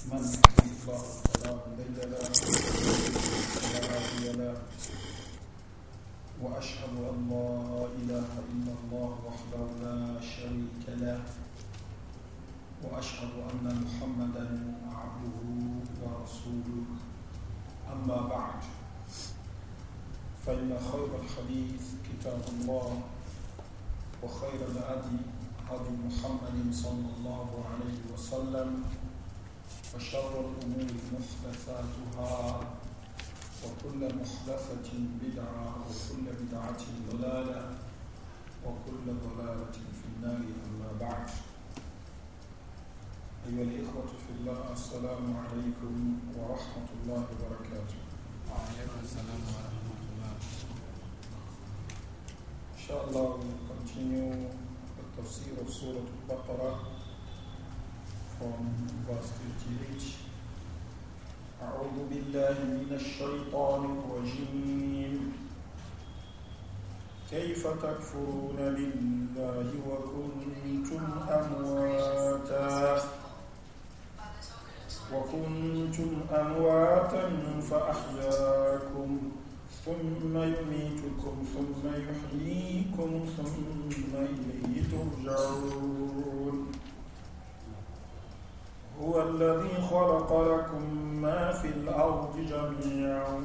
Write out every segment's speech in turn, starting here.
من يهدي الله فلا مضل لا ولا هادي له واشهد ان لا اله الا الله وحده لا شريك له واشهد ان محمدا عبده ورسوله اما بعد فان خير الحديث كتاب الله وخير الهدي هدي محمد صلى الله عليه وسلم وشر الأمور محدثاتها وكل محدثة بدعة وكل بدعة ضلالة وكل ضلالة في النار أما بعد أيها الإخوة في الله السلام عليكم ورحمة الله وبركاته وعليكم السلام ورحمة الله إن شاء الله نكمل التفسير of Surah from verse 58. أعوذ بالله من الشيطان الرجيم كيف تكفرون بالله وكنتم أمواتا وكنتم أمواتا فأحياكم ثم يميتكم ثم يحييكم ثم إليه ترجعون الذي خلق لكم ما في الأرض جميعا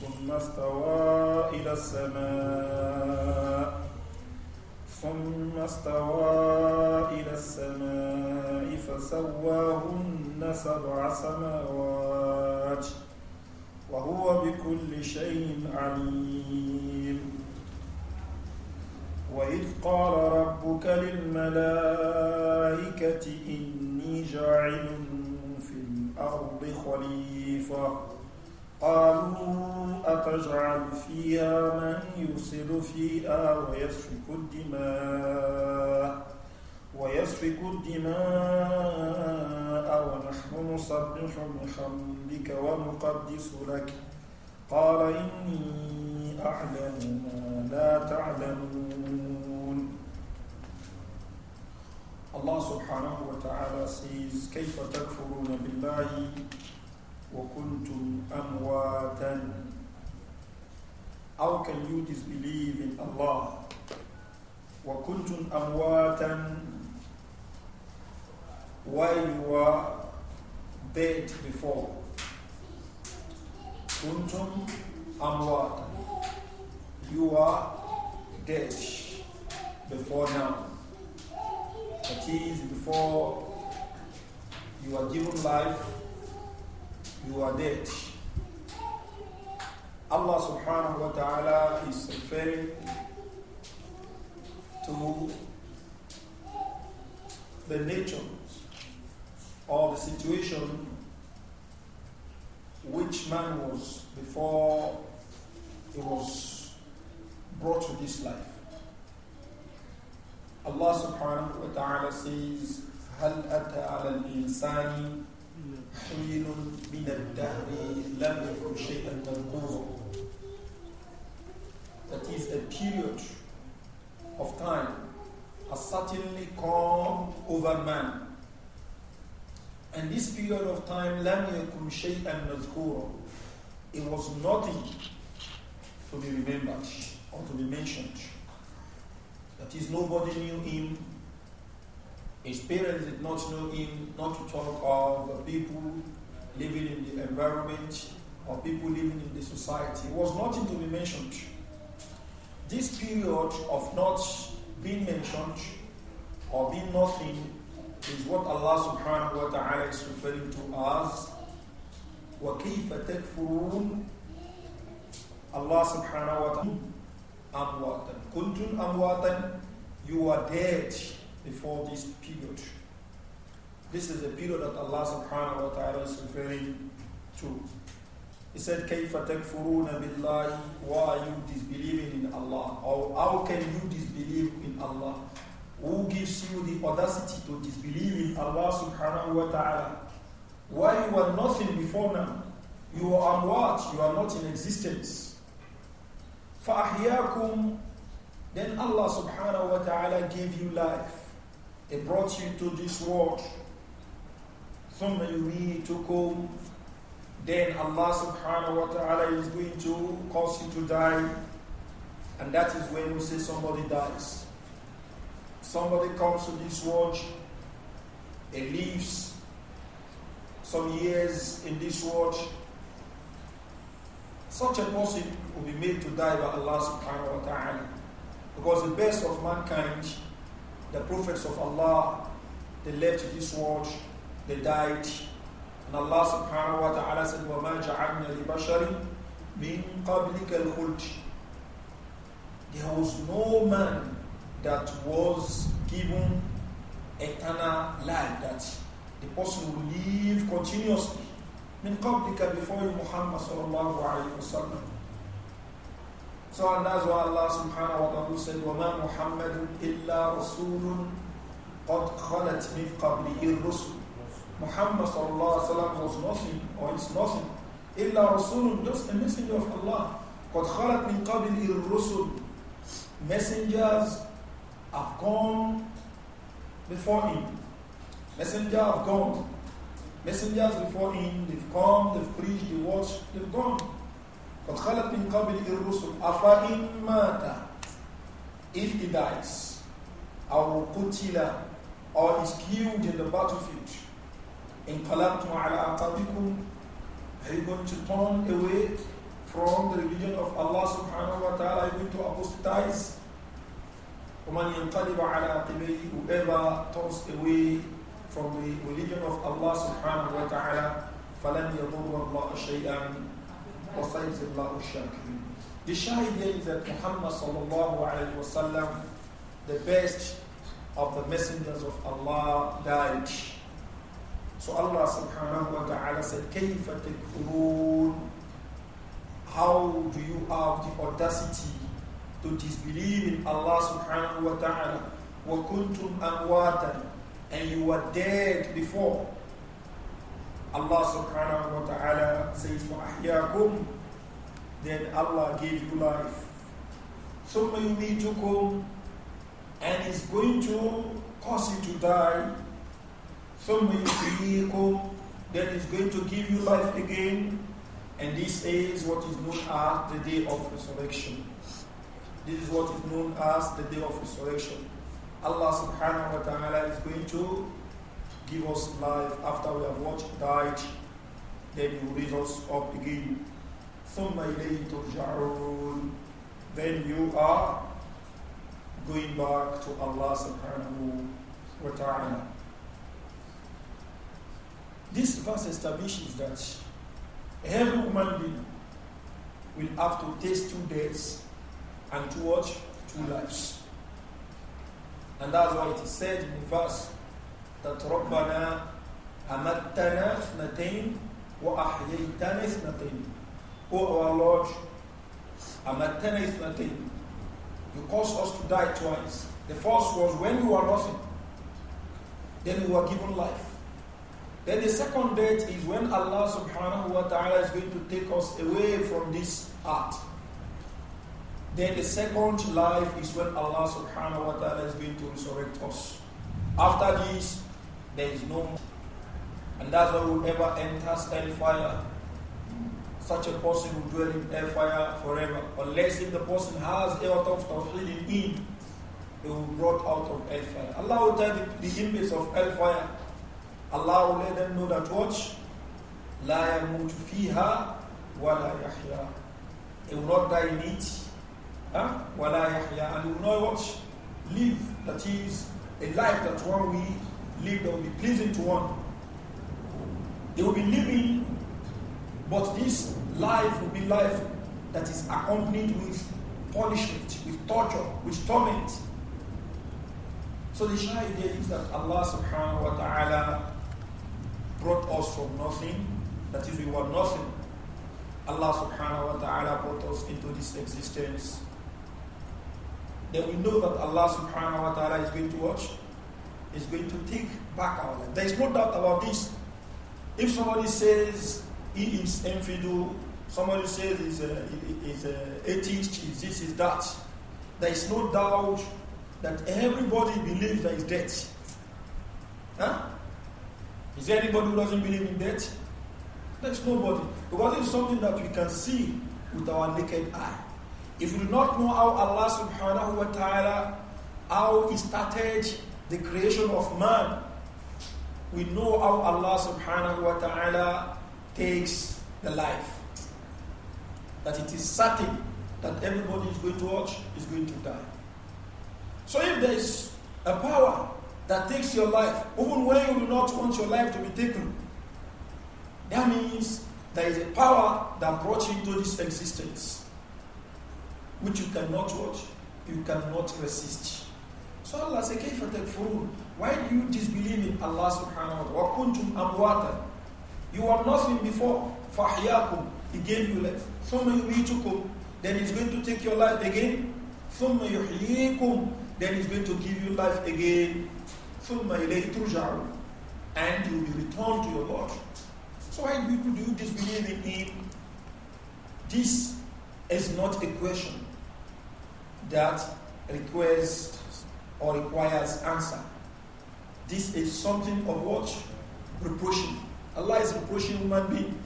ثم استوى إلى السماء ثم استوى إلى السماء فسواهن سبع سماوات وهو بكل شيء عليم وإذ قال ربك للملائكة إن جاعل في الأرض خليفة قالوا أتجعل فيها من يصل فيها ويسفك الدماء ويسفك الدماء ونحن نصبح بحمدك ونقدس لك قال إني أعلم ما لا تعلمون Allah subhanahu wa ta'ala says, كَيْفَ تَكْفُرُونَ بِاللَّهِ وَكُنْتُمْ أَمْوَاتًا How can you disbelieve in Allah? وَكُنْتُمْ أَمْوَاتًا While you were dead before. كُنْتُمْ أَمْوَاتًا You are dead before now. That is, before you are given life, you are dead. Allah subhanahu wa ta'ala is referring to the nature or the situation which man was before he was brought to this life. Allah subhanahu wa ta'ala says, هَلْ أَتَى عَلَى الْإِنسَانِ حِينٌ مِنَ الدَّهْرِ لَمْ يَكُنْ شَيْئًا مَذْكُورًا That is a period of time has certainly come over man. And this period of time, لَمْ يَكُنْ شَيْئًا مَذْكُورًا It was nothing to be remembered or to be mentioned. That is, nobody knew him. His parents did not know him, not to talk of people living in the environment or people living in the society. It was nothing to be mentioned. This period of not being mentioned or being nothing is what Allah subhanahu wa ta'ala is referring to as وَكَيْفَ تَكْفُرُونَ Allah subhanahu wa ta'ala amwatan. kuntun amwatan, you are dead before this period. This is the period that Allah subhanahu wa ta'ala is referring to. He said, كَيْفَ تَكْفُرُونَ بِاللَّهِ Why are you disbelieving in Allah? Or how can you disbelieve in Allah? Who gives you the audacity to disbelieve in Allah subhanahu wa ta'ala? Why you were nothing before now? You are what? You are not in existence. فَأَحْيَاكُمْ Then Allah subhanahu wa ta'ala gave you life. It brought you to this world. ثُمَّ يُمِيتُكُمْ Then Allah subhanahu wa ta'ala is going to cause you to die. And that is when we say somebody dies. Somebody comes to this world, he lives some years in this world, such a person will be made to die by Allah subhanahu wa ta'ala. Because the best of mankind, the prophets of Allah, they left this world, they died. And Allah subhanahu wa ta'ala said, وَمَا جَعَلْنَا لِبَشَرٍ مِنْ قَبْلِكَ الْخُلْجِ There was no man that was given eternal life, that the person will live continuously. من قبلك before you Muhammad sallallahu alayhi وسلم. So and that's why Allah subhanahu wa ta'ala said, وَمَا مُحَمَّدٌ إِلَّا رَسُولٌ قَدْ خَلَتْ مِنْ قَبْلِهِ الرُّسُلُ Muhammad sallallahu alayhi wasallam was nothing or is nothing. إِلَّا رَسُولٌ just a messenger of Allah. قَدْ خَلَتْ مِنْ قَبْلِهِ الرُّسُلُ Messengers have gone before him. Messenger have gone Messengers before him, they've come, they've preached, they've watched, they've gone. قد خلت من قبله الرسل أفإن مات if he dies our قتل or is killed in the battlefield انقلبتم على أعقابكم are you going to turn away from the religion of Allah subhanahu wa ta'ala are you going to apostatize ومن ينقلب على عقبيه whoever turns away from the religion of Allah subhanahu wa ta'ala, فَلَنْ يَضُرَّ اللَّهُ شَيْئًا وَسَيْزِ اللَّهُ الشَّاكِرِينَ The shahid is that Muhammad sallallahu alayhi wa sallam, the best of the messengers of Allah, died. So Allah subhanahu wa ta'ala said, كَيْفَ تَكْفُرُونَ How do you have the audacity to disbelieve in Allah subhanahu wa ta'ala? وَكُنْتُمْ أَمْوَاتًا and you were dead before. Allah subhanahu wa ta'ala says, فَأَحْيَاكُمْ Then Allah gave you life. ثُمَّ يُمِيتُكُمْ And is going to cause you to die. ثُمَّ يُحْيِيكُمْ Then is going to give you life again. And this is what is known as the day of resurrection. This is what is known as the day of resurrection. Allah subhanahu wa ta'ala is going to give us life after we have watched, died, then you raise us up again. ثُمَّ إِلَيْهِ تُرْجَعُونَ Then you are going back to Allah subhanahu wa ta'ala. This verse establishes that every human being will have to taste two deaths and to watch two lives. And that's why it is said in the verse that رَبَّنَا أَمَتَّنَا اثْنَتَيْنِ وَأَحْيَيْتَنَا اثْنَتَيْنِ O our Lord, أَمَتَّنَا اثْنَتَيْنِ You caused us to die twice. The first was when you were nothing. Then you were given life. Then the second date is when Allah subhanahu wa ta'ala is going to take us away from this earth. Then the second life is when Allah subhanahu wa ta'ala is going to resurrect us. After this, there is no and that's why whoever enters hellfire, such a person will dwell in hellfire forever. Unless if the person has a lot of tawhid in him, he will be brought out of hellfire. Allah will tell the, the inmates of hellfire, Allah will let them know that watch, لا يموت فيها ولا يحيا. He will not die in it Huh? And you know what? Live, that is, a life that one we live that will be pleasing to one. They will be living, but this life will be life that is accompanied with punishment, with torture, with torment. So the shy idea is that Allah subhanahu wa ta'ala brought us from nothing, that is, we were nothing. Allah subhanahu wa ta'ala brought us into this existence then we know that Allah subhanahu wa ta'ala is going to watch, is going to take back our life. There is no doubt about this. If somebody says he is infidel, somebody says he a, a atheist, this, is that, there is no doubt that everybody believes there is death. Huh? Is there anybody who doesn't believe in death? There's nobody. Because it's something that we can see with our naked eye. If you do not know how Allah subhanahu wa ta'ala, how He started the creation of man, we know how Allah subhanahu wa ta'ala takes the life. That it is certain that everybody is going to watch, is going to die. So if there is a power that takes your life, even when you do not want your life to be taken, that means there is a power that brought you to this existence which you cannot watch, you cannot resist. So Allah said, كيف تكفرون? Why do you disbelieve in Allah subhanahu wa ta'ala? You are nothing before. فَحْيَاكُمْ He gave you life. ثُمَّ يُمِيتُكُمْ Then He's going to take your life again. ثُمَّ يُحْيِيكُمْ Then He's going to give you life again. ثُمَّ إِلَيْهِ And you'll be returned to your Lord. So why do you disbelieve in Him? This is not a question that requests or requires answer. This is something of what? Reproaching. Allah is reproaching human being.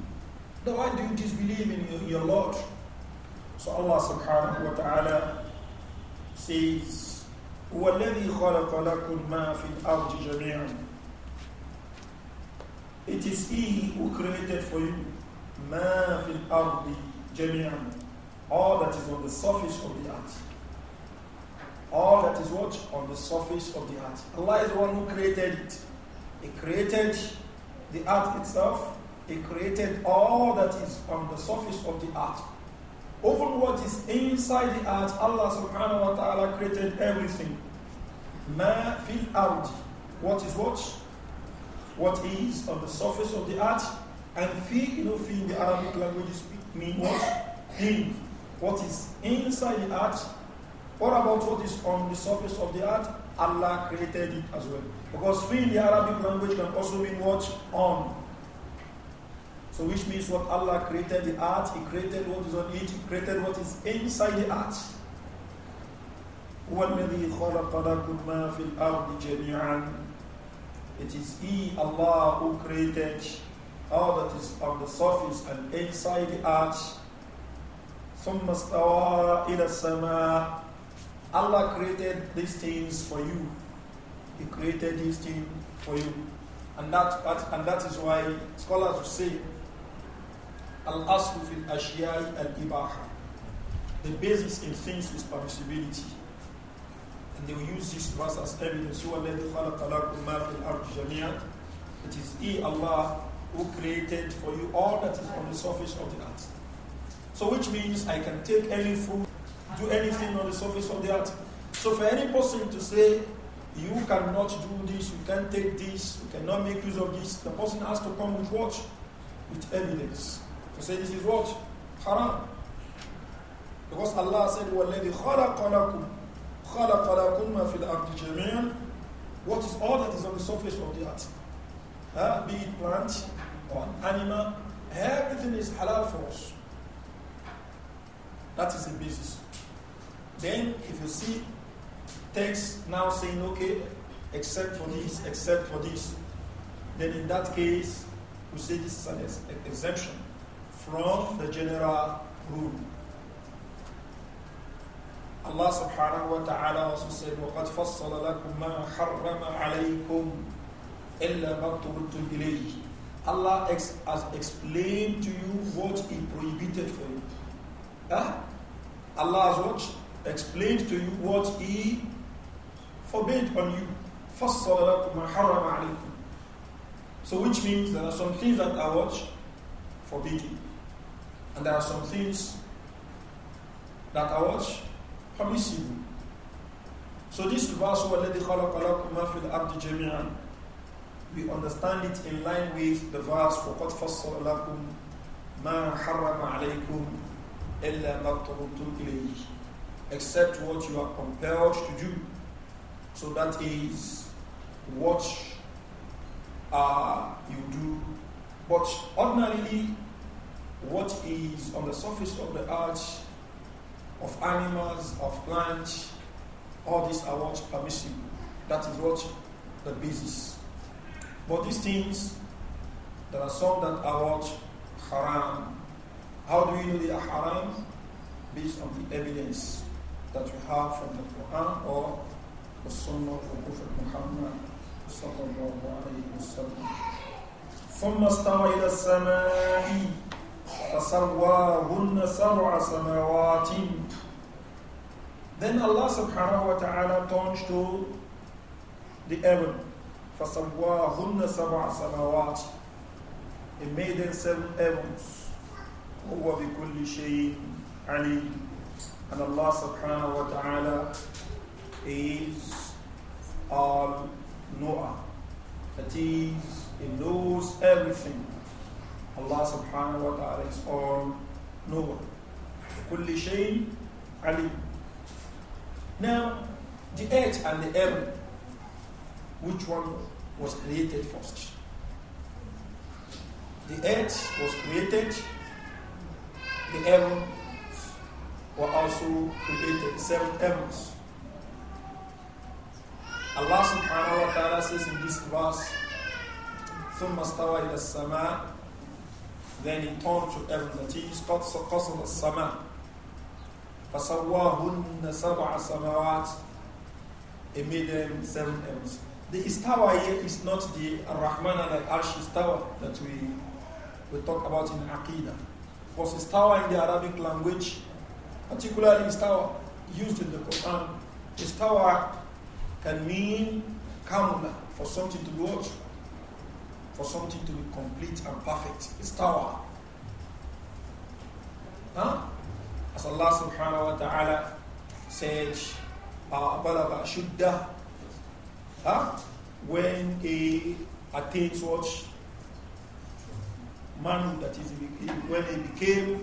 Now why do you disbelieve in your, your Lord? So Allah subhanahu wa ta'ala says, هو خلق لكم ما في الأرض جميعا It is He who created for you ما في الأرض جميعا All that is on the surface of the earth all that is what? On the surface of the earth. Allah is the one who created it. He created the earth itself. He created all that is on the surface of the earth. Even what is inside the earth, Allah subhanahu wa ta'ala created everything. Ma fil aldi whats What is what? What is on the surface of the earth? And fi, you know, fi in the Arabic language means what? In. What is inside the earth what about what is on the surface of the earth? Allah created it as well. Because free in the Arabic language can also mean what? On. So which means what Allah created the earth, He created what is on it, He created what is inside the earth. هو الذي ما في الأرض جميعا It is He, Allah, who created all that is on the surface and inside the earth. ثم استوى إلى السماء Allah created these things for you. He created these things for you. And that, that, and that is why scholars will say, Al Aslu fil Ashiyai al Ibaha. The basis in things is permissibility. And they will use this verse as evidence. You are the It is He, Allah, who created for you all that is on the surface of the earth. So, which means I can take any food do anything on the surface of the earth. So for any person to say, you cannot do this, you can't take this, you cannot make use of this, the person has to come with what? With evidence. To say this is what? Haram. Because Allah said, وَالَّذِي خَلَقَ لَكُمْ خَلَقَ لَكُمْ مَا فِي الْأَرْضِ جَمِيعًا What is all that is on the surface of the earth? Uh, be it plant or animal, everything is halal for us. That is the basis. Then if you see text now saying, okay, except for this, except for this, then in that case, we say this is an ex exemption from the general rule. Allah subhanahu wa ta'ala also said, وَقَدْ فَصَّلَ لَكُمْ مَا حَرَّمَ عَلَيْكُمْ إِلَّا مَا إِلَيْهِ Allah ex has explained to you what He prohibited for you. Huh? Allah has what? explained to you what He forbade on you. So which means there are some things that are what? Forbidden. And there are some things that are what? Permissible. So this verse, وَالَّذِي خَلَقَ لَكُمْ مَا فِي الْأَرْضِ جَمِيعًا We understand it in line with the verse, for فَصَّلَ لَكُمْ مَا حَرَّمَ except what you are compelled to do. So that is what uh, you do. But ordinarily, what is on the surface of the earth, of animals, of plants, all these are what permissible. That is what the basis. But these things, there are some that are what haram. How do we know they are haram? Based on the evidence. that we have from the Quran or the Sunnah of the Prophet Muhammad sallallahu alayhi wa sallam. ثم استوى إلى السماء فسواهن سبع سماوات Then Allah subhanahu wa ta'ala turns to the heaven. فَسَوَّاهُنَّ سَبْعَ سَمَوَاتٍ He made them seven heavens. وَهُوَ بِكُلِّ شَيْءٍ عَلِيمٌ And Allah subhanahu wa ta'ala is um, Noah. That is, He knows everything. Allah subhanahu wa ta'ala is all Noah. Kulli shay Ali. Now, the earth and the heaven, which one was created first? The earth was created, the heaven were also created, seven heavens. Allah subhanahu wa ta'ala says in this verse, ثُمَّ Then he turned to heaven, is is, قَصَدَ السَّمَاءِ فَسَوَّاهُنَّ سَبْعَ سَمَاوَاتِ He made them seven heavens. The istawa here is not the Ar-Rahman and Al-Arsh istawa that we, we talk about in Aqidah. Because istawa in the Arabic language particularly istawa, used in the Quran. Istawa can mean kamula, for something to go For something to be complete and perfect. Istawa. Huh? As Allah subhanahu wa ta'ala said, Balaba Shudda, huh? when he attains what? Manhood, that is, when he became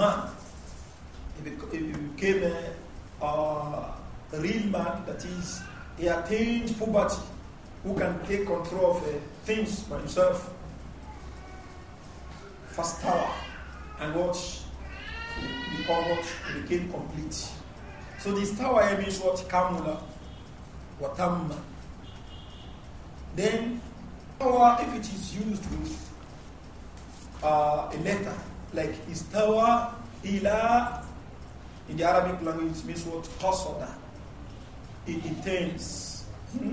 man it became a, a real man, that is, he attained puberty, who can take control of uh, things by himself. First tower and we call what became complete. So this tower means what Kamula Watamma. Then tower if it is used with uh, a letter like istawa ila in the Arabic language means what? Qasada. It intends. it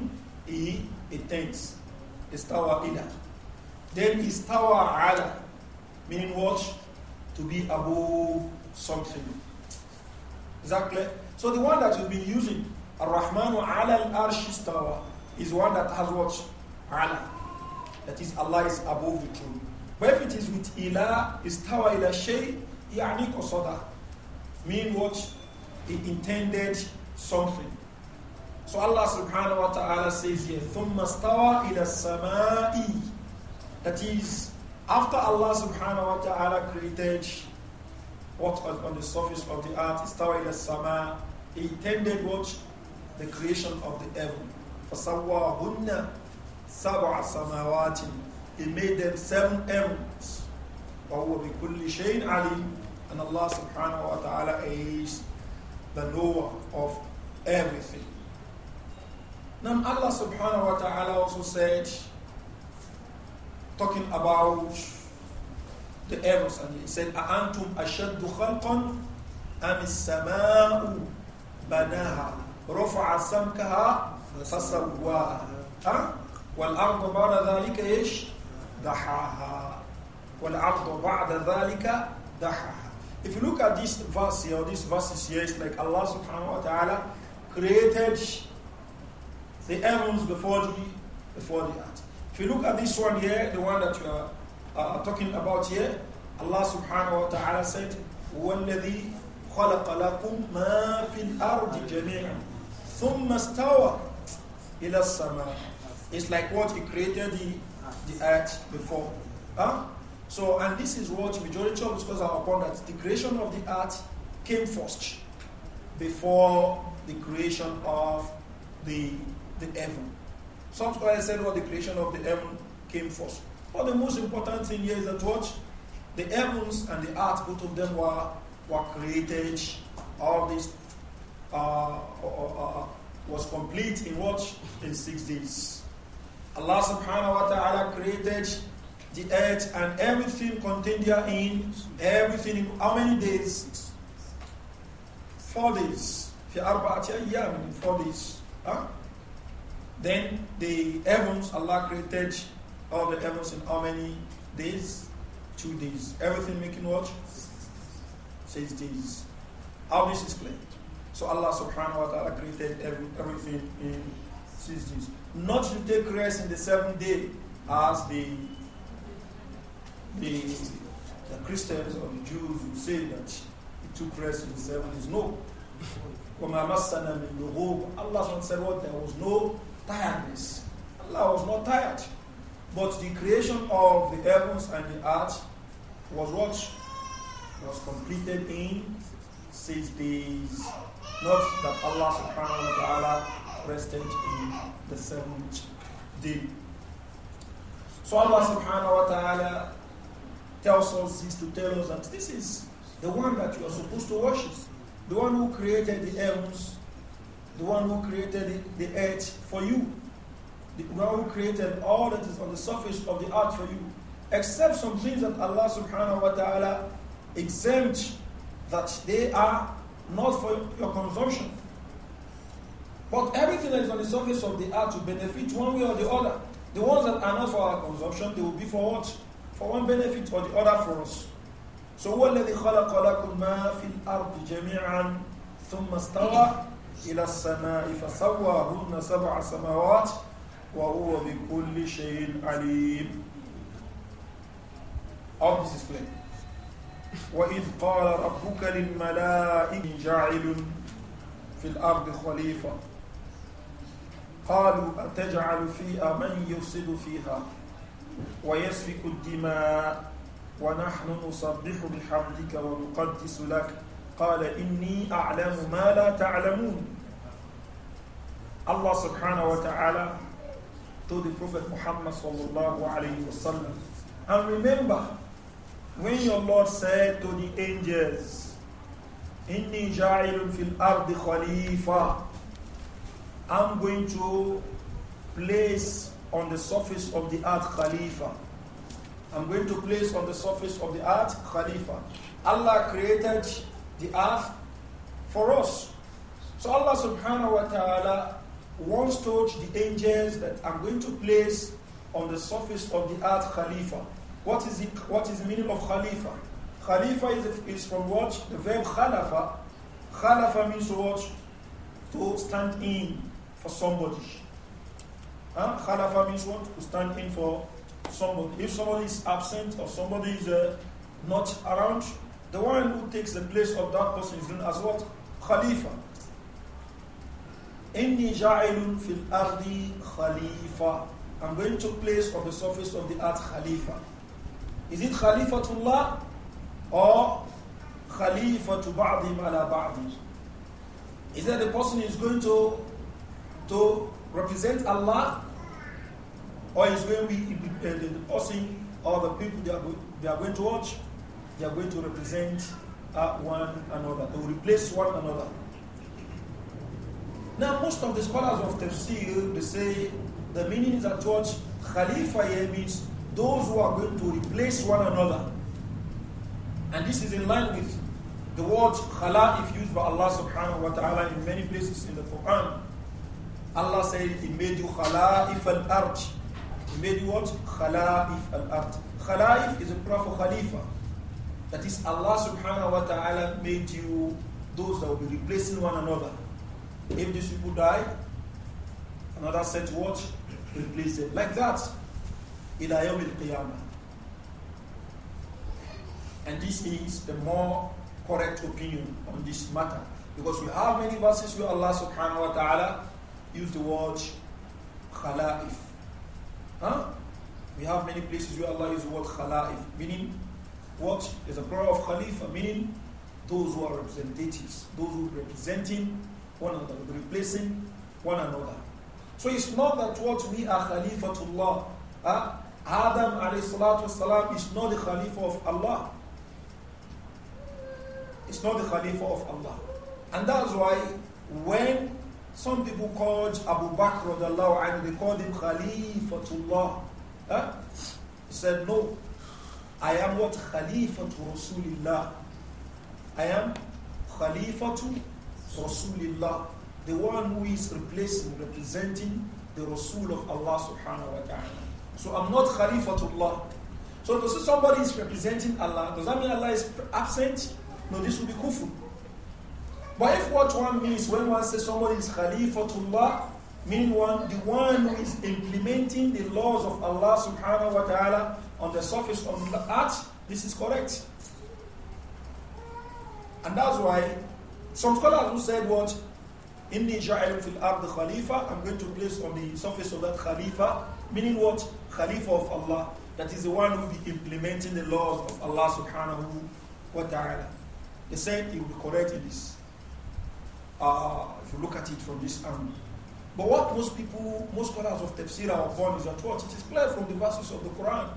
He intends. Hmm? Istawa ila. Then istawa ala, meaning what? To be above something. Exactly. So the one that you've been using, Ar-Rahmanu ala al-arsh istawa, is one that has what? Ala. That is, Allah is above the throne. But if it is with ila, istawa ila shay, يعني قصده mean what? He intended something. So Allah subhanahu wa ta'ala says here, ثُمَّ اسْتَوَى إِلَى السَّمَاءِ That is, after Allah subhanahu wa ta'ala created what was on the surface of the earth, استَوَى إِلَى السَّمَاءِ He intended what? The creation of the heaven. فَسَوَّاهُنَّ سَبْعَ سَمَاوَاتٍ He made them seven heavens. وَهُوَ بِكُلِّ شَيْءٍ عَلِيمٍ and Allah subhanahu wa ta'ala is the knower of everything. Now Allah subhanahu wa ta'ala also said, talking about the heavens, and he said, أَأَنْتُمْ أَشَدُّ خَلْقًا أَمِ السَّمَاءُ بَنَاهَا رَفَعَ سَمْكَهَا فَسَوَّاهَا والأرض بعد ذلك إيش؟ دحاها والأرض بعد ذلك دحاها if you look at this verse here, or this verses here, it's like Allah subhanahu wa ta'ala created the heavens before the, before the earth. If you look at this one here, the one that you are uh, talking about here, Allah subhanahu wa ta'ala said, وَالَّذِي خَلَقَ لَكُم مَا فِي الْأَرْضِ جَمِيعًا ثُمَّ اسْتَوَى إِلَى السَّمَاءِ It's like what He created the, the earth before. Huh? So, and this is what majority of scholars are upon that the creation of the earth came first before the creation of the, the heaven. Some scholars said what well, the creation of the heaven came first. But the most important thing here is that what the heavens and the earth, both of them were, were created. All this uh, uh, uh, uh, uh was complete in what? In six days. Allah subhanahu wa ta'ala created the earth and everything contained therein, everything in how many days? Four days. Four days. Huh? Then the heavens, Allah created all the heavens in how many days? Two days. Everything making what? Six days. How this is clear. So Allah subhanahu wa ta'ala created every, everything in six days. Not to take rest in the seventh day as the the, the Christians or the Jews who say that it took rest in seven days. No. Allah said what? There was no tiredness. Allah was not tired. But the creation of the heavens and the earth was what? Was completed in six days. Not that Allah subhanahu wa ta'ala rested in the seventh day. So Allah subhanahu wa ta'ala tells us this to tell us that this is the one that you are supposed to worship, the one who created the heavens, the one who created the, the earth for you, the one who created all that is on the surface of the earth for you, except some things that Allah subhanahu wa ta'ala exempt that they are not for your consumption. But everything that is on the surface of the earth will benefit one way or the other. The ones that are not for our consumption, they will be for what? for one benefit or the other for us. So هو الذي خلق لكم ما في الأرض جميعا ثم استوى إلى السماء فسواهن سبع سماوات وهو بكل شيء عليم. All this is clear. وإذ قال ربك للملائكة جاعل في الأرض خليفة قالوا أتجعل فيها من يفسد فيها ويسفك الدماء ونحن نصبح بحمدك ونقدس لك قال إني أعلم ما لا تعلمون الله سبحانه وتعالى to the Prophet Muhammad صلى الله عليه وسلم and remember when your Lord said to the angels إني جاعل في الأرض خليفة I'm going to place on the surface of the earth Khalifa. I'm going to place on the surface of the earth Khalifa. Allah created the earth for us. So Allah subhanahu wa ta'ala once told the angels that I'm going to place on the surface of the earth Khalifa. What is, the, what is the meaning of Khalifa? Khalifa is, is from what? The verb Khalafa. Khalafa means what? To stand in for somebody. Huh? Khalafa means one To stand in for somebody. If somebody is absent or somebody is uh, not around, the one who takes the place of that person is known as what? Khalifa. Inni ja'ilun fil ardi khalifa. I'm going to place on the surface of the earth khalifa. Is it khalifatullah or khalifatu ba'dim ala ba'dim? Is that the person is going to, to represent Allah, or is when we uh, the person or the people they are, going, they are going to watch, they are going to represent uh, one another. They will replace one another. Now, most of the scholars of tafsir they say the meaning is that watch. Khalifa here means those who are going to replace one another. And this is in line with the word khala if used by Allah subhanahu wa ta'ala in many places in the Quran. Allah said He made you khala'if al-ard. He made you what? Khala'if al-ard. Khala'if is a prayer for Khalifa. That is Allah subhanahu wa ta'ala made you those that will be replacing one another. If these people die, another set what? Replace them. Like that. Ila al-qiyamah. And this is the more correct opinion on this matter. Because we have many verses where Allah subhanahu wa ta'ala Use the word khala'if. Huh? We have many places where Allah uses the word khala'if, meaning what? There's a plural of khalifa, meaning those who are representatives, those who are representing one another, replacing one another. So it's not that what we are khalifatullah. Huh? Adam alayhi salatu Salam is not the Khalifa of Allah. It's not the Khalifa of Allah. And that's why when some people called Abu Bakr and they called him Khalifatullah. Huh? He said, No, I am what Khalifatu Rasulillah. I am Khalifatu Rasulillah, the one who is replacing, representing the Rasul of Allah subhanahu wa ta'ala. So I'm not Khalifatullah. So to say somebody is representing Allah, does that mean Allah is absent? No, this will be kufr. But if what one means when one says somebody is Khalifatullah, meaning one, the one who is implementing the laws of Allah subhanahu wa ta'ala on the surface of the earth, this is correct. And that's why some scholars who said what? Inni ja'ilun fil the khalifa, I'm going to place on the surface of that khalifa, meaning what? Khalifa of Allah. That is the one who will be implementing the laws of Allah subhanahu wa ta'ala. They said it will be correct in this uh, if you look at it from this angle. But what most people, most scholars of tafsir are upon is that what? It is clear from the verses of the Quran.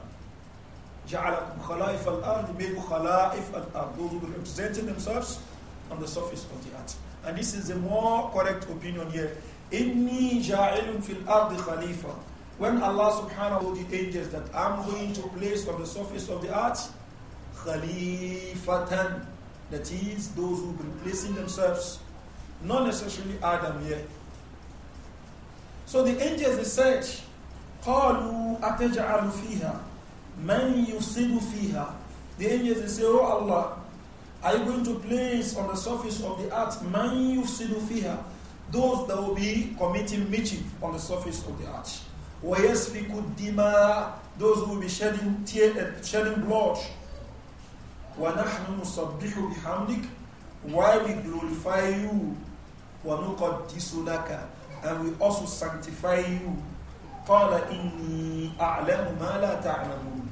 جَعَلَكُمْ خَلَائِفَ الْأَرْضِ مَيْبُ خَلَائِفَ الْأَرْضِ Those who representing themselves on the surface of the earth. And this is the more correct opinion here. إِنِّي جَعِلٌ فِي الْأَرْضِ خَلِيفَةً When Allah subhanahu wa ta'ala angels that I'm going to place on the surface of the earth, خَلِيفَةً That is, those who are replacing themselves not necessarily Adam yet. So the angels they said, قالوا أتجعل fiha, man يفسد fiha." The angels they say, Oh Allah, are you going to place on the surface of the earth man يفسد fiha? Those that will be committing mischief on the surface of the earth. ويسفك الدماء Those who will be shedding, tear, eh, shedding blood. ونحن نصبح بحمدك Why we glorify you وَنُقَدِّسُ لَكَ And we also sanctify you. قَالَ إِنِّي أَعْلَمُ مَا لَا تَعْلَمُونَ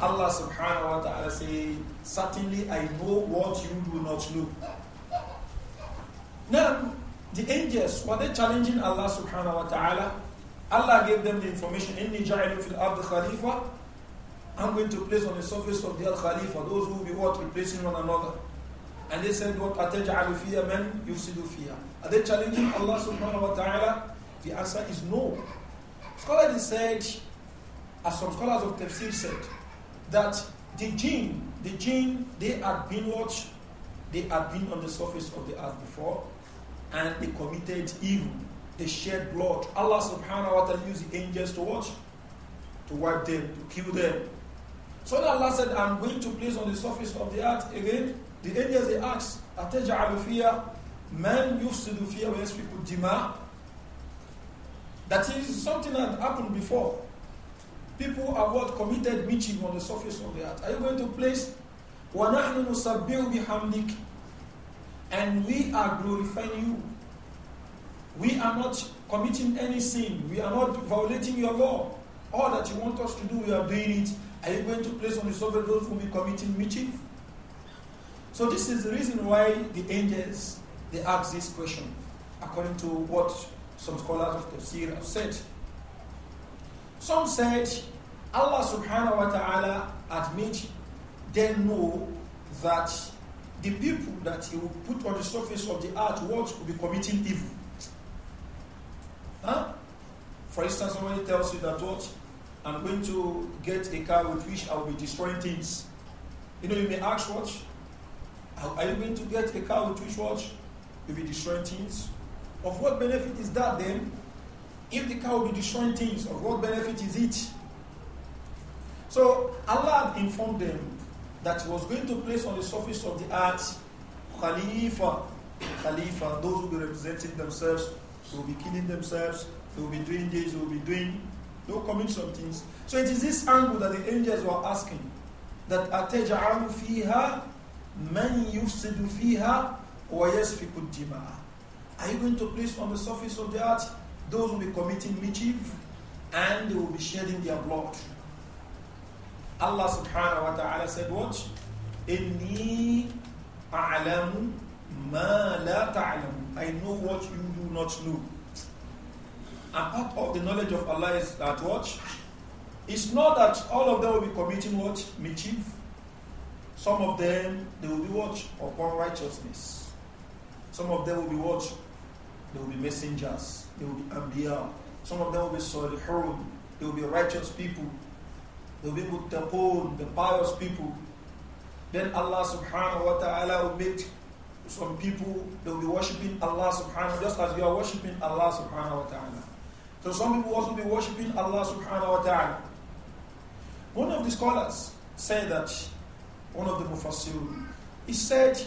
Allah subhanahu wa ta'ala say, Certainly I know what you do not know. Now, the angels, were they challenging Allah subhanahu wa ta'ala? Allah gave them the information, إِنِّي جَعِلُ فِي الْأَرْضِ خَلِيفَةً I'm going to place on the surface of the Al-Khalifa those who will be what replacing one another. And they said, What ataj'alu fiya man yufsidu fiya. Are they challenging Allah subhanahu wa ta'ala? The answer is no. Scholars have said, as some scholars of tafsir said, that the jinn, the jinn, they had been what? They had been on the surface of the earth before and they committed evil. They shed blood. Allah subhanahu wa ta'ala used the angels to watch, to wipe them, to kill them. So that Allah said, I'm going to place on the surface of the earth again. The angels they asked, Ataja Man yufsidu fear wa people dima. That is something that happened before. People have what committed meeting on the surface of the earth. Are you going to place وَنَحْنُ نُسَبِّهُ And we are glorifying you. We are not committing any sin. We are not violating your law. All that you want us to do, we are doing it. Are you going to place on the surface those who will be committing mischief? So this is the reason why the angels they ask this question according to what some scholars of tafsir have said. Some said Allah subhanahu wa ta'ala admit they know that the people that he will put on the surface of the earth what will be committing evil. Huh? For instance, somebody tells you that what I'm going to get a car with which I will be destroying things. You know, you may ask what? Are you going to get a car with which what? will be destroying things. Of what benefit is that then? If the car will be destroying things, of what benefit is it? So Allah informed them that He was going to place on the surface of the earth Khalifa. Khalifa, those who will be representing themselves, who will be killing themselves, who will be doing this, who will be doing, they will commit some things. So it is this angle that the angels were asking that أَتَجْعَلُ فِيهَا مَنْ يُفْسِدُ فِيهَا وَيَسْفِكُ oh, الدِّمَاءَ Are you going to place on the surface of the earth those who will be committing mischief and they will be shedding their blood? Allah subhanahu wa ta'ala said what? I know what you do not know. And part of the knowledge of Allah is that what? It's not that all of them will be committing what? Mischief. Some of them, they will be what? Upon righteousness. Some of them will be what? They will be messengers. They will be anbiya. Some of them will be salihun. They will be righteous people. They will be muttaqun, the pious people. Then Allah subhanahu wa ta'ala will make some people, they will be worshipping Allah subhanahu just as we are worshipping Allah subhanahu wa ta'ala. So some people also be worshipping Allah subhanahu wa ta'ala. One of the scholars said that, one of the mufassirun, he said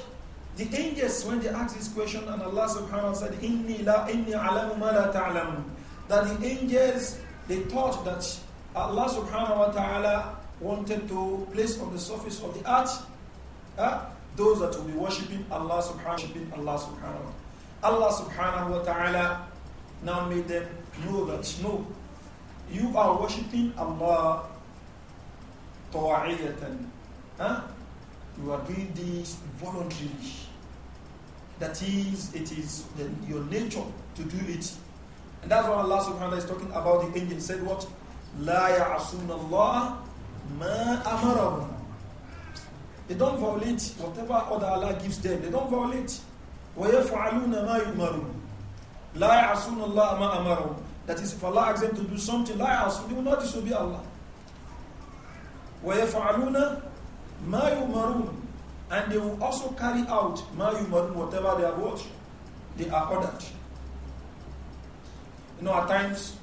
the angels, when they asked this question, and Allah subhanahu wa ta'ala said, Inni la inni ma la That the angels, they thought that Allah subhanahu wa ta'ala wanted to place on the surface of the earth uh, those that will be worshipping Allah subhanahu wa ta'ala. Allah subhanahu wa ta'ala now made them know that no, you are worshipping Allah tawa'iyatan. Eh? You are doing this voluntarily. That is, it is the, your nature to do it. And that's why Allah subhanahu wa ta'ala is talking about the angel. said what? La ya'asuna Allah ma amarahum. They don't violate whatever order Allah gives them. They don't violate. وَيَفْعَلُونَ ma yumarum. لَا يَعْصُونَ Allah ma أَمَرَهُمْ That is, if Allah asks them to do something, لَا يَعْصُونَ They will not disobey Allah. وَيَفْعَلُونَ ma yumarum." And they will also carry out mayumadun, whatever they have watched, they are ordered. You know, at times,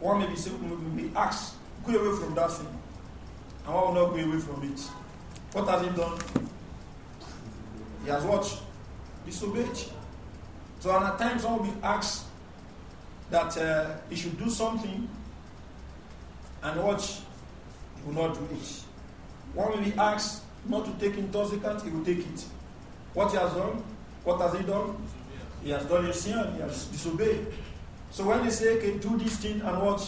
one may be, may be asked, go away from that thing. And one will not go away from it. What has he done? He has watched, disobeyed. So, and at times, one will be asked that uh, he should do something and watch, he will not do it. One will be asked not to take intoxicants, he will take it. What he has done? What has he done? He has done a sin, he has disobeyed. So when they say, okay, do this thing and what?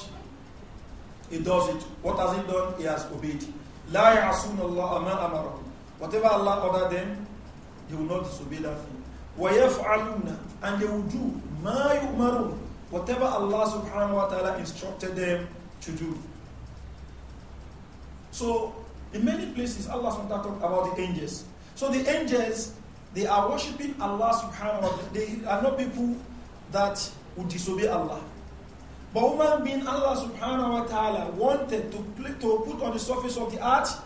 He does it. What has he done? He has obeyed. La ya'asuna Allah ma Whatever Allah ordered them, they will not disobey that thing. وَيَفْعَلُونَ And they will do ma Whatever Allah subhanahu wa ta'ala instructed them to do. So in many places, Allah subhanahu wa ta'ala talked about the angels. So the angels, they are worshipping Allah subhanahu wa ta'ala. They are not people that would disobey Allah. But human being, Allah subhanahu wa ta'ala wanted to, to put on the surface of the earth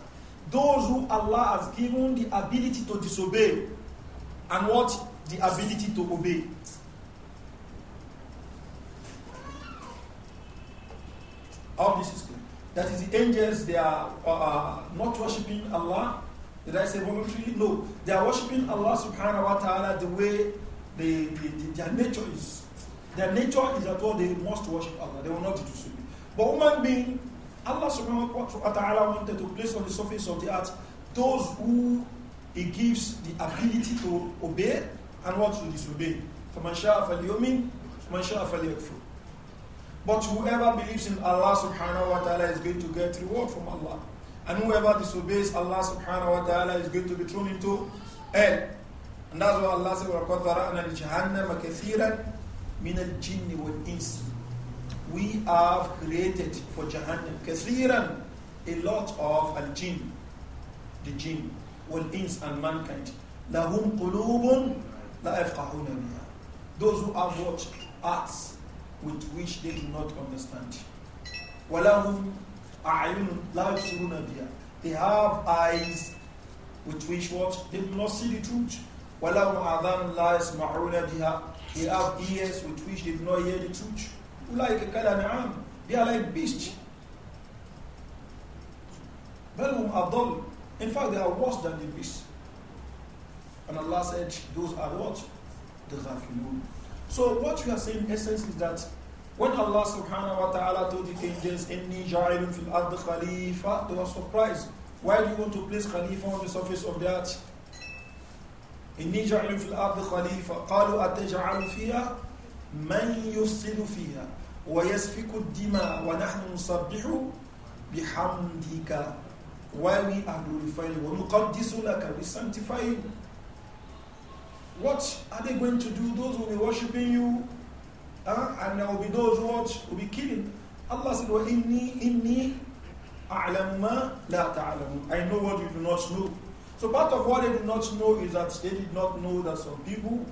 those who Allah has given the ability to disobey and what? The ability to obey. All this is clear. That is, the angels, they are uh, uh not worshipping Allah. Did I say voluntarily? No. They are worshipping Allah subhanahu wa ta'ala the way the their nature is. Their nature is that all they must worship Allah. They will not do so. But human being, Allah subhanahu wa ta'ala wanted to place on the surface of the earth those who He gives the ability to obey and what to disobey. فَمَنْ شَاءَ فَلْيُؤْمِنْ وَمَنْ شَاءَ فَلْيَكْفُرْ but whoever believes in Allah subhanahu wa ta'ala is going to get reward from Allah. And whoever disobeys Allah subhanahu wa ta'ala is going to be thrown into hell. And that's why Allah said, وَلَقَدْ ذَرَأْنَا لِجَهَنَّمَ كَثِيرًا مِنَ الْجِنِّ وَالْإِنسِ We have created for Jahannam كَثِيرًا a lot of al-jinn, the jinn, wal-ins and mankind. لَهُمْ قُلُوبٌ لَا يَفْقَهُونَ بِهَا Those who have what? Arts with which they do not understand. They have eyes with which what? They do not see the truth. They have ears with which they do not hear the truth. They are like beasts. In fact, they are worse than the beasts. And Allah said, those are what? The ghafilun. So what you are saying in essence is that when Allah subhanahu wa ta'ala told the angels, Inni ja'ilun fil ard khalifa, they were surprised. Why do you want to place khalifa on the surface of the earth? إني جعل في الأرض خليفة قالوا أتجعل فيها من يفسد فيها ويسفك الدماء ونحن نسبح بحمدك while we are glorifying ونقدس لك we sanctify you what are they going to do? Those who will be worshipping you, uh, and there will be those who will be killing. Allah said, well, inni, inni a'lamma la ta'lamu. I know what you do not know. So part of what they do not know is that they did not know that some people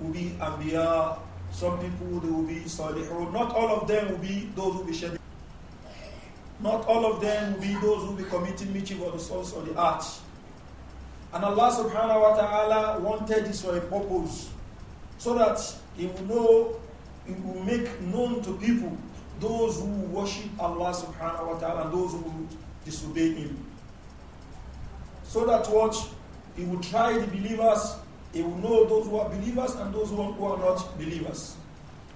will be Anbiya, some people they will be Salihun. Not all of them will be those who will be shedding. Not all of them will be those who will be committing mischief on the souls of the earth. And Allah subhanahu wa ta'ala wanted this for a purpose. So that He will know, He will make known to people those who worship Allah subhanahu wa ta'ala and those who disobey Him. So that what? He will try the believers, He will know those who are believers and those who are, not believers.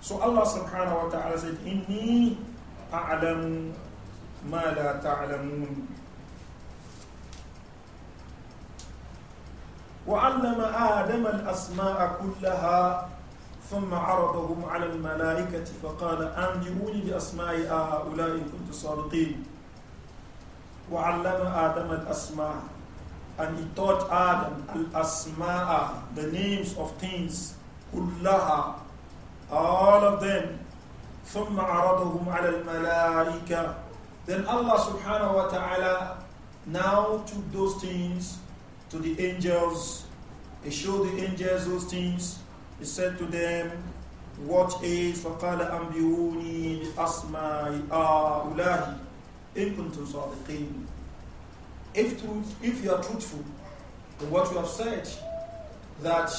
So Allah subhanahu wa ta'ala said, Inni a'lamu ma la ta'lamun. وعلم آدم الأسماء كلها ثم عرضهم على الملائكة فقال أنبئوني بأسماء هؤلاء إن كنت صادقين وعلم آدم الأسماء and he taught Adam الأسماء the names of things كلها all of them ثم عرضهم على الملائكة then Allah subhanahu wa ta'ala now took those things to the angels. He showed the angels those things. He said to them, What is فَقَالَ أَنْبِئُونِي بِأَسْمَاءِ أَوْلَاهِ إِن كُنْتُمْ صَادِقِينَ if, truth, if you are truthful in what you have said, that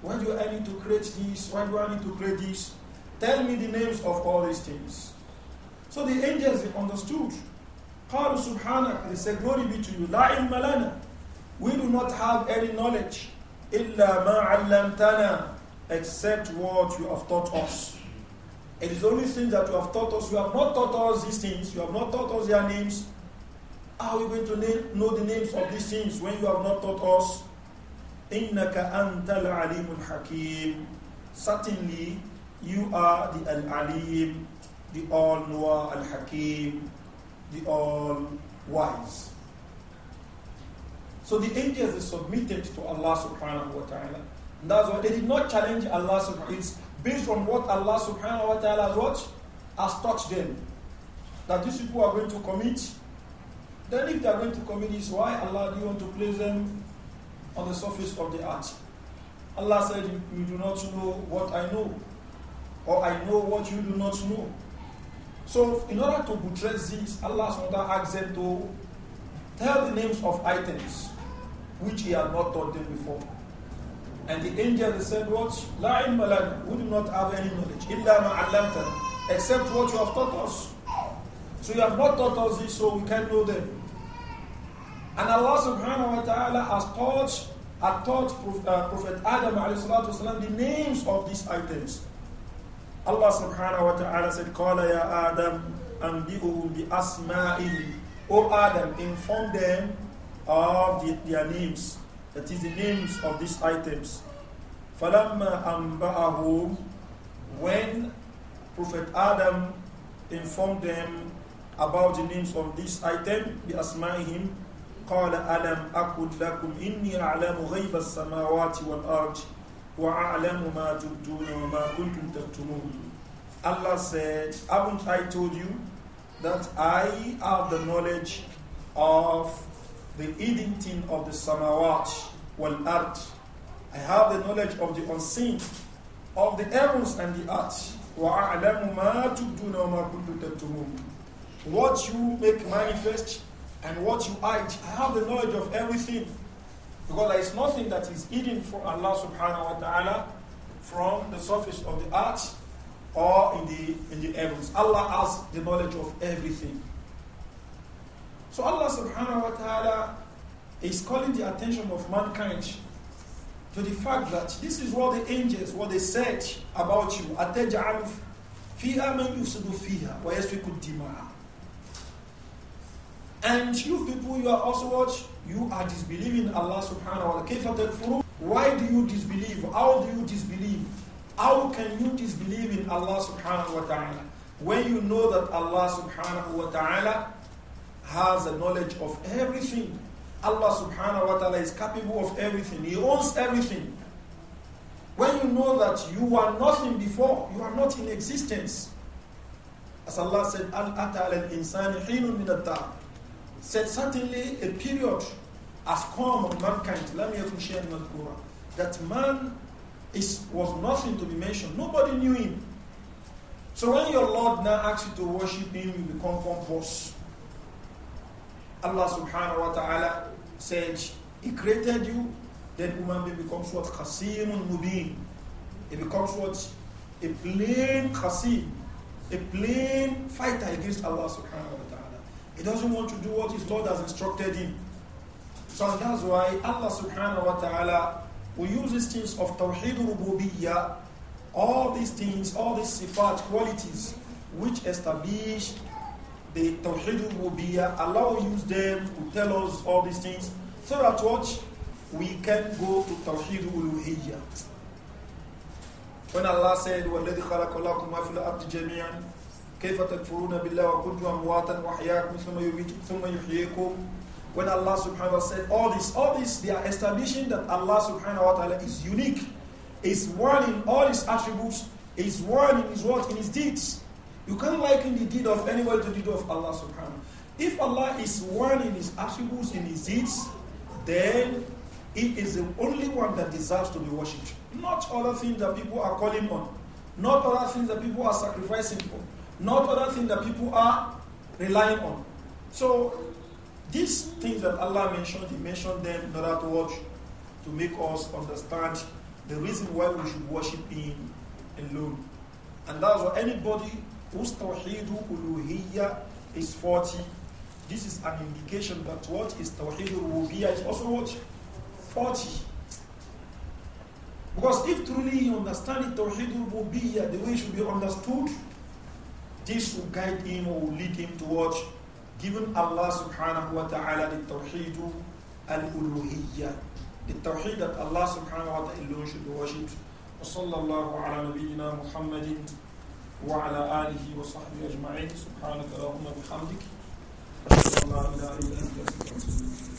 why do I need to create this? Why do I need to create this? Tell me the names of all these things. So the angels understood. قالوا سبحانك they said glory be to you لا علم لنا we do not have any knowledge إِلَّا مَا عَلَّمْتَنَا except what you have taught us. It is only things that you have taught us. You have not taught us these things. You have not taught us their names. How are we going to name, know the names of these things when you have not taught us? إِنَّكَ أَنْتَ الْعَلِيمُ الْحَكِيمُ Certainly, you are the Al-Alim, the all knowing Al-Hakim, the All-Wise. So the angels are submitted to Allah subhanahu wa ta'ala. And that's why they did not challenge Allah subhanahu It's based on what Allah subhanahu wa ta'ala has what? Has taught them. That these people are going to commit. Then if they are going to commit this, why Allah do you want to place them on the surface of the earth? Allah said, you do not know what I know. Or I know what you do not know. So in order to buttress this, Allah subhanahu wa ta'ala asked them to tell the names of items which he had not taught them before. And the angel said, What? La ilma lana. We do not have any knowledge. Illa ma Except what you have taught us. So you have not taught us this, so we can know them. And Allah subhanahu wa ta'ala has taught, has taught uh, Prophet Adam والسلام, the names of these items. Allah subhanahu wa ta'ala said, Qala ya Adam, anbi'uhum bi asma'ihim. O Adam, inform them of the, their names, that is the names of these items. فَلَمَّا أَنْبَأَهُمْ When Prophet Adam informed them about the names of this item, بِأَسْمَائِهِمْ قَالَ أَلَمْ أَكُدْ لَكُمْ إِنِّي أَعْلَمُ غَيْبَ السَّمَاوَاتِ وَالْأَرْضِ وَأَعْلَمُ مَا تُبْدُونَ وَمَا كُنْتُمْ تَكْتُمُونَ Allah said, Haven't I told you that I have the knowledge of the eating thing of the samawat wal art. I have the knowledge of the unseen, of the heavens and the earth. What you make manifest and what you hide. I have the knowledge of everything. Because there is nothing that is hidden for Allah subhanahu wa ta'ala from the surface of the earth or in the, in the heavens. Allah has the knowledge of everything. So Allah subhanahu wa ta'ala is calling the attention of mankind to the fact that this is what the angels, what they said about you. فِيهَا مَنْ الدِّمَاءَ And you people, you are also what? You are disbelieving Allah subhanahu wa ta'ala. Why do you disbelieve? How do you disbelieve? How can you disbelieve in Allah subhanahu wa ta'ala? When you know that Allah subhanahu wa ta'ala has the knowledge of everything. Allah subhanahu wa ta'ala is capable of everything. He owns everything. When you know that you were nothing before, you are not in existence. As Allah said, Al Atal al Insani Hinun Minatar said certainly a period has come on mankind, Lam Yakun Shayan that man is, was nothing to be mentioned. Nobody knew him. So when your Lord now asks you to worship him, you become composed. Allah subhanahu wa ta'ala says, He created you, then human being becomes what? Qasimun mubin. It becomes what? A plain qasim. A plain fighter against Allah subhanahu wa ta'ala. He doesn't want to do what his Lord has instructed him. So that's why Allah subhanahu wa ta'ala will use these things of Tawheed rububiyyah, all these things, all these sifat qualities which establish the Tawheed will be Allah will use them to tell us all these things so that what we can go to Tawheed uluhiyyah. When Allah said, وَالَّذِي خَلَقَ لَكُمْ مَا فِي الْأَرْضِ جَمِيعًا كَيْفَ تَكْفُرُونَ بِاللَّهِ وَكُنْتُمْ أَمْوَاتًا وَأَحْيَاكُمْ ثُمَّ يُمِيتُكُمْ ثُمَّ يُحْيِيكُمْ When Allah subhanahu wa ta'ala said all this, all this, they are establishing that Allah subhanahu wa ta'ala is unique, is one in all his attributes, is one in his words, in his deeds. You can't liken the deed of anyone to the deed of Allah subhanahu. If Allah is one in his attributes, in his deeds, then he is the only one that deserves to be worshipped. Not other things that people are calling on, not other things that people are sacrificing for, not other things that people are relying on. So these things that Allah mentioned, He mentioned them in order to watch, to make us understand the reason why we should worship Him alone. And that's why anybody whose tawheedu uluhiyya is 40. This is an indication that what is tawheed uluhiyya is also what? 40. Because if truly you understand tawheed uluhiyya the way it should be understood, this will guide him or will lead him towards given Allah subhanahu wa ta'ala the tawheed al-uluhiyya. The tawheed that Allah subhanahu wa ta'ala alone should be worshipped. وصلى الله على نبينا محمد وعلى آله وصحبه أجمعين سبحانك اللهم وبحمدك أشهد أن لا إله إلا أنت أستغفرك